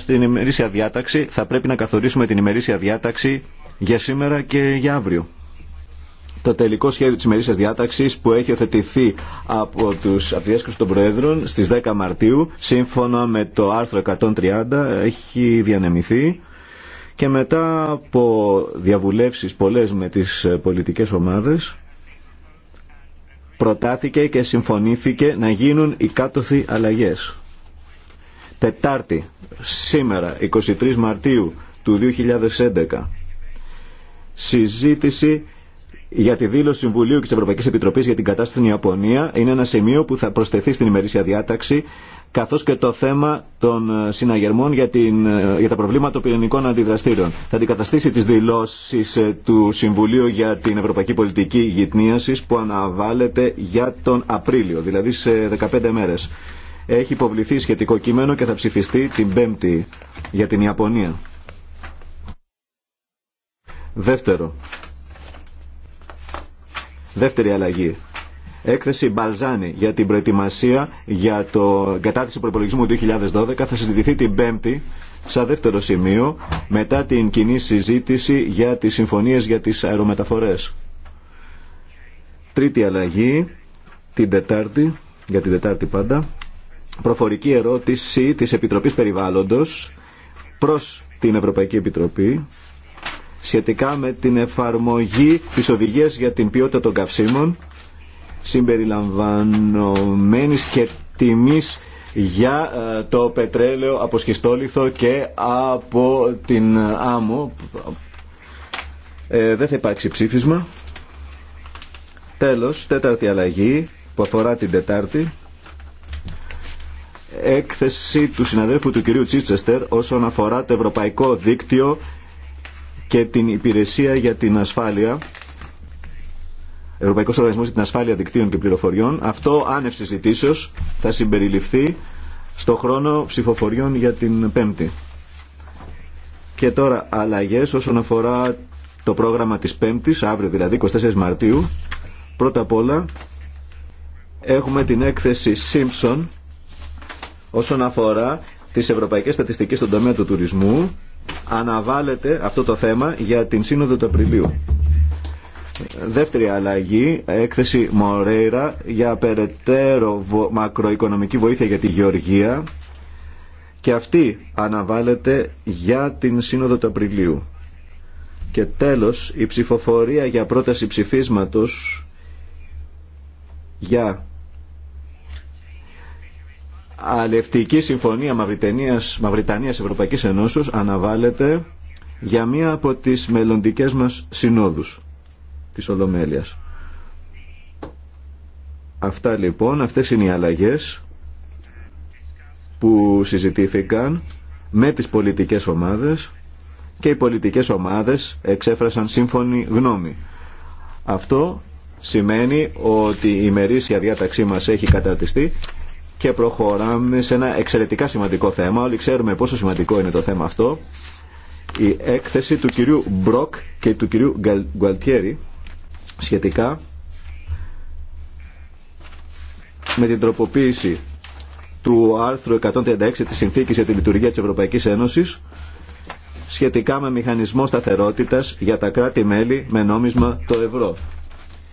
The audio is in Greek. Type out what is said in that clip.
στην ημερήσια διάταξη, θα πρέπει να καθορίσουμε την ημερήσια διάταξη για σήμερα και για αύριο. Το τελικό σχέδιο της ημερήσιας διάταξης που έχει οθετηθεί από, τους, από τη των Προέδρων στις 10 Μαρτίου, σύμφωνα με το άρθρο 130, έχει διανεμηθεί και μετά από διαβουλεύσεις πολλές με τις πολιτικές ομάδες, προτάθηκε και συμφωνήθηκε να γίνουν οι κάτωθοι αλλαγές. Τετάρτη, σήμερα, 23 Μαρτίου του 2011, συζήτηση για τη δήλωση Συμβουλίου και τη Ευρωπαϊκή Επιτροπή για την κατάσταση στην Ιαπωνία είναι ένα σημείο που θα προσθεθεί στην ημερήσια διάταξη, καθώ και το θέμα των ε, συναγερμών για, την, ε, για τα προβλήματα των πυρηνικών αντιδραστήρων. Θα αντικαταστήσει τι δηλώσει ε, του Συμβουλίου για την Ευρωπαϊκή Πολιτική Γυτνίαση που αναβάλλεται για τον Απρίλιο, δηλαδή σε 15 μέρε. Έχει υποβληθεί σχετικό κείμενο και θα ψηφιστεί την Πέμπτη για την Ιαπωνία. Δεύτερο. Δεύτερη αλλαγή. Έκθεση Μπαλζάνη για την προετοιμασία για το κατάρτιση προπολογισμού 2012 θα συζητηθεί την Πέμπτη σαν δεύτερο σημείο μετά την κοινή συζήτηση για τις συμφωνίες για τις αερομεταφορές. Τρίτη αλλαγή, την Τετάρτη, για την Τετάρτη πάντα, προφορική ερώτηση της Επιτροπής Περιβάλλοντος προς την Ευρωπαϊκή Επιτροπή σχετικά με την εφαρμογή της οδηγίας για την ποιότητα των καυσίμων συμπεριλαμβανομένης και τιμής για ε, το πετρέλαιο από σχιστόλιθο και από την άμμο. Ε, δεν θα υπάρξει ψήφισμα. Τέλος, τέταρτη αλλαγή που αφορά την Τετάρτη έκθεση του συναδέλφου του κυρίου Τσίτσεστερ όσον αφορά το Ευρωπαϊκό Δίκτυο και την Υπηρεσία για την Ασφάλεια. ευρωπαϊκό Οργανισμός για την Ασφάλεια Δικτύων και Πληροφοριών. Αυτό άνευ συζητήσεως θα συμπεριληφθεί στο χρόνο ψηφοφοριών για την Πέμπτη. Και τώρα αλλαγές όσον αφορά το πρόγραμμα της Πέμπτης, αύριο δηλαδή 24 Μαρτίου. Πρώτα απ' όλα έχουμε την έκθεση Simpson Όσον αφορά τις ευρωπαϊκές στατιστικές στον τομέα του τουρισμού, αναβάλλεται αυτό το θέμα για την Σύνοδο του Απριλίου. Δεύτερη αλλαγή, έκθεση Μορέιρα για περαιτέρω μακροοικονομική βοήθεια για τη Γεωργία και αυτή αναβάλλεται για την Σύνοδο του Απριλίου. Και τέλος, η ψηφοφορία για πρόταση ψηφίσματος για αλευτική συμφωνία Μαυριτανίας, Ευρωπαϊκή Ευρωπαϊκής Ενώσεως αναβάλλεται για μία από τις μελλοντικέ μας συνόδους της Ολομέλειας. Αυτά λοιπόν, αυτές είναι οι αλλαγές που συζητήθηκαν με τις πολιτικές ομάδες και οι πολιτικές ομάδες εξέφρασαν σύμφωνη γνώμη. Αυτό σημαίνει ότι η ημερήσια διάταξή μας έχει καταρτιστεί και προχωράμε σε ένα εξαιρετικά σημαντικό θέμα. Όλοι ξέρουμε πόσο σημαντικό είναι το θέμα αυτό. Η έκθεση του κυρίου Μπροκ και του κυρίου Γκουαλτιέρη σχετικά με την τροποποίηση του άρθρου 136 της Συνθήκης για τη Λειτουργία της Ευρωπαϊκής Ένωσης σχετικά με μηχανισμό σταθερότητας για τα κράτη-μέλη με νόμισμα το ευρώ.